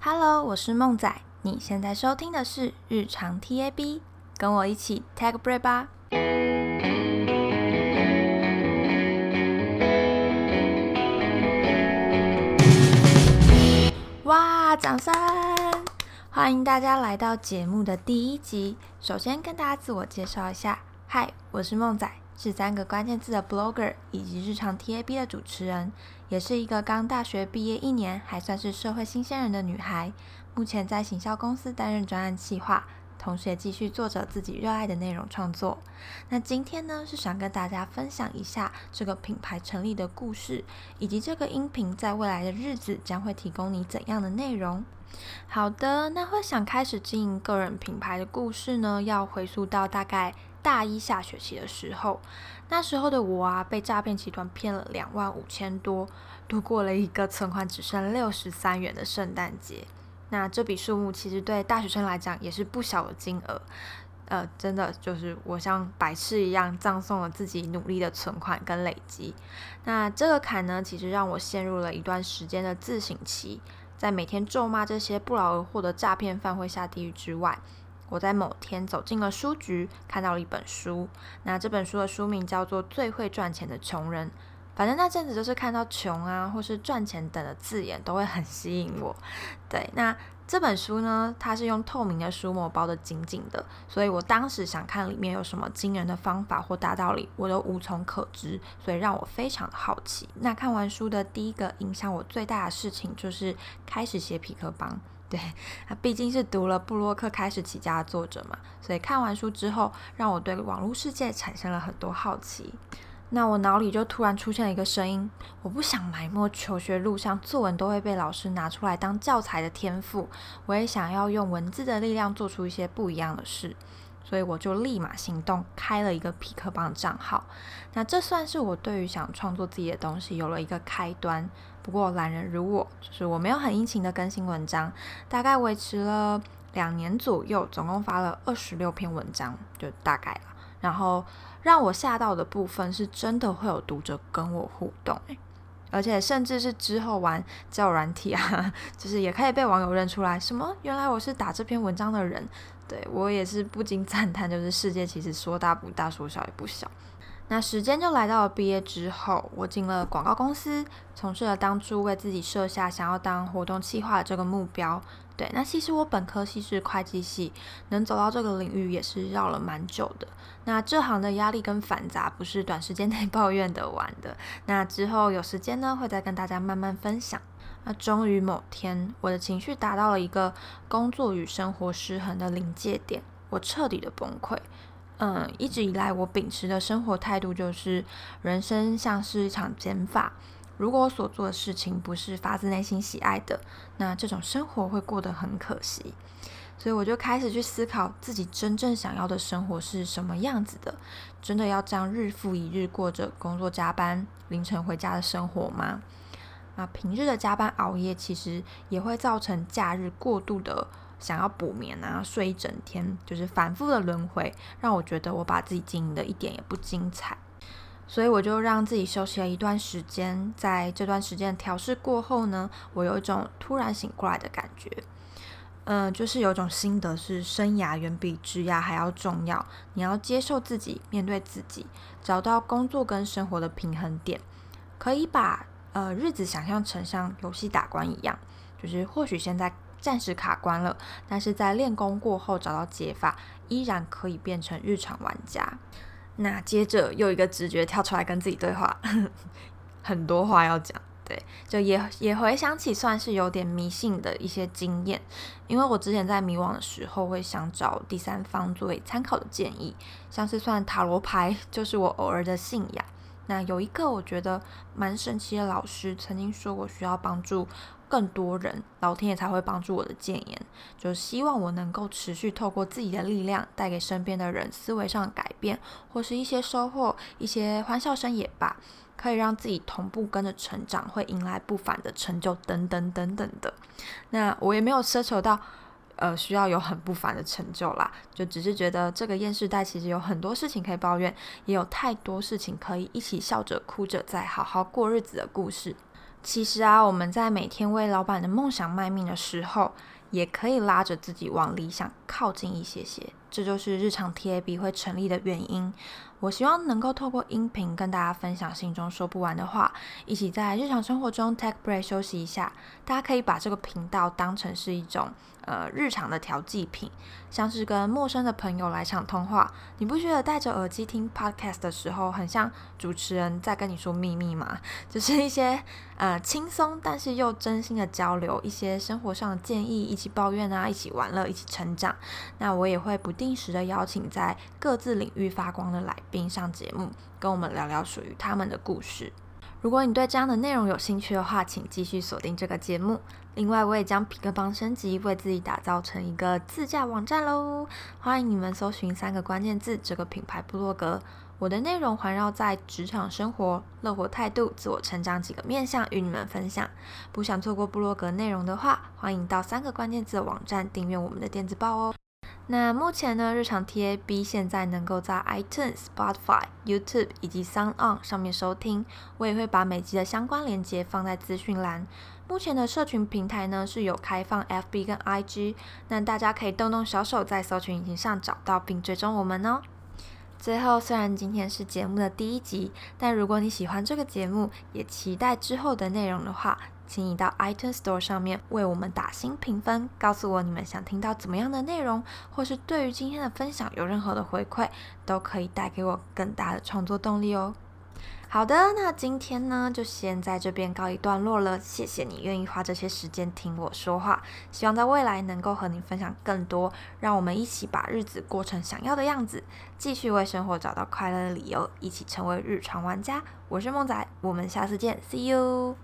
Hello，我是孟仔。你現在收聽的是日常 T A B，跟我一起 take a break 吧！哇，掌聲！歡迎大家來到節目的第一集。首先跟大家自我介紹一下，Hi，我是孟仔，是三個關鍵字的 Blogger 以及日常 T A B 的主持人。也是一個剛大學畢業一年，還算是社會新鮮人的女孩。目前在行銷公司擔任專案企劃，同時也繼續做着自己熱愛的內容創作。那今天呢，是想跟大家分享一下這個品牌成立的故事，以及這個音頻在未來的日子將會提供你怎樣的內容。好的，那會想開始經營個人品牌的故事呢，要回溯到大概大一下學期的時候。那時候的我啊，被詐騙集團騙了兩萬五千多，度過了一個存款只剩六十三元的聖誕節。那這筆數目其實對大學生來講也是不小的金額，呃，真的就是我像白痴一樣葬送了自己努力的存款跟累積。那這個坎呢，其實讓我陷入了一段時間的自省期，在每天咒罵這些不勞而獲的詐騙犯會下地獄之外。我在某天走進了書局，看到了一本書。那這本書的書名叫做《最會賺錢的窮人》。反正那陣子就是看到“窮”啊，或是“賺錢”等的字眼，都會很吸引我。對，那這本書呢，它是用透明的書膜包得緊緊的，所以我當時想看裡面有什麼驚人的方法或大道理，我都無從可知，所以讓我非常好奇。那看完書的第一個影響我最大的事情，就是開始寫痞客邦。對，他畢竟是讀了部落客開始起家的作者嘛，所以看完書之後，讓我對網絡世界產生了很多好奇。那我腦裡就突然出現了一個聲音：我不想埋沒求學路上作文都會被老師拿出來當教材的天賦，我也想要用文字的力量做出一些不一樣的事。所以我就立馬行動，開了一個痞客邦賬號。那這算是我對於想創作自己的東西有了一個開端。不過懶人如我，就是我沒有很殷勤的更新文章，大概維持了兩年左右，總共發了二十六篇文章，就大概了。然後讓我嚇到的部分，是真的會有讀者跟我互動誒而且甚至是之後玩交友軟體啊，就是也可以被網友認出來，什麼原來我是打這篇文章的人，對我也是不禁讚嘆，就是世界其實說大不大，說小也不小。那時間就來到了畢業之後，我進了廣告公司，從事了當初為自己設下想要當活動企劃的這個目標。對，那其實我本科系是會計系，能走到這個領域也是繞了蠻久的。那這行的壓力跟繁雜不是短時間內抱怨得完的。那之後有時間呢，會再跟大家慢慢分享。那終於某天，我的情緒達到了一個工作與生活失衡的臨界點，我徹底的崩潰。嗯，一直以來我秉持的生活態度就是，人生像是一場減法。如果我所做的事情不是發自內心喜愛的，那這種生活會過得很可惜。所以我就開始去思考自己真正想要的生活是什麼樣子的。真的要這樣日復一日過着工作加班、凌晨回家的生活嗎？那平日的加班熬夜其實也會造成假日過度的。想要補眠啊，睡一整天，就是反覆的輪迴，讓我覺得我把自己經營的一點也不精彩，所以我就讓自己休息了一段時間，在這段時間調適過後呢，我有一種突然醒過來的感覺，嗯、呃，就是有一種心得是，生涯遠比職涯還要重要，你要接受自己，面對自己，找到工作跟生活的平衡點，可以把呃日子想象成像遊戲打關一樣，就是或許現在。暫時卡關了，但是在練功過後找到解法，依然可以變成日常玩家。那接着又一個直覺跳出來跟自己對話，呵呵，很多話要講。對，就也也回想起算是有點迷信的一些經驗，因為我之前在迷惘的時候會想找第三方作為參考的建議，像是算塔羅牌就是我偶爾的信仰。那有一個我覺得蠻神奇的，老師曾經說我需要幫助，更多人，老天爺才會幫助我的建言。就希望我能夠持續透過自己的力量，帶給身邊的人思維上的改變，或是一些收穫，一些歡笑聲也罷，可以讓自己同步跟着成長，會迎來不凡的成就等等等等的。那我也沒有奢求到，呃，需要有很不凡的成就啦，就只是覺得這個厭世代其實有很多事情可以抱怨，也有太多事情可以一起笑着哭着再好好過日子的故事。其實啊，我們在每天為老板的夢想賣命的時候，也可以拉着自己往理想靠近一些些。這就是日常 T A B 會成立的原因。我希望能夠透過音頻跟大家分享心中說不完的話，一起在日常生活中 take break 休息一下。大家可以把這個頻道當成是一種呃日常的調劑品，像是跟陌生的朋友來場通話。你不覺得戴着耳機聽 podcast 的時候，很像主持人在跟你說秘密嗎？就是一些呃輕鬆但是又真心的交流，一些生活上的建議，一起抱怨啊，一起玩樂，一起成長。那我也會不。定時的邀請在各自領域發光的來賓上節目，跟我們聊聊屬於他們的故事。如果你對這樣的內容有興趣的話，請繼續鎖定這個節目。另外，我也將痞客邦升級，為自己打造成一個自架網站嘍。歡迎你們搜尋三個關鍵字，這個品牌部落格。我的內容環繞在職場生活、樂活態度、自我成長幾個面向，與你們分享。不想錯過部落格內容的話，歡迎到三個關鍵字的網站訂閱我們的電子報哦。那目前呢，日常 T A B 現在能夠在 iTunes、Spotify、YouTube 以及 SoundOn 上面收聽，我也會把每集的相關連結，放在資訊欄。目前的社群平台呢是有開放 F B 跟 I G，那大家可以動動小手在搜尋引擎上找到並追蹤我們哦。最後，雖然今天是節目的第一集，但如果你喜歡這個節目，也期待之後的內容的話，請你到 iTunes Store 上面為我們打星評分，告訴我你們想聽到怎麼樣的內容，或是對於今天的分享有任何的回饋，都可以帶給我更大的創作動力哦。好的，那今天呢，就先在這邊告一段落了。謝謝你願意花這些時間聽我說話，希望在未來能夠和你分享更多。讓我們一起把日子過成想要的樣子，繼續為生活找到快樂的理由，一起成為日常玩家。我是孟仔，我們下次見，See you。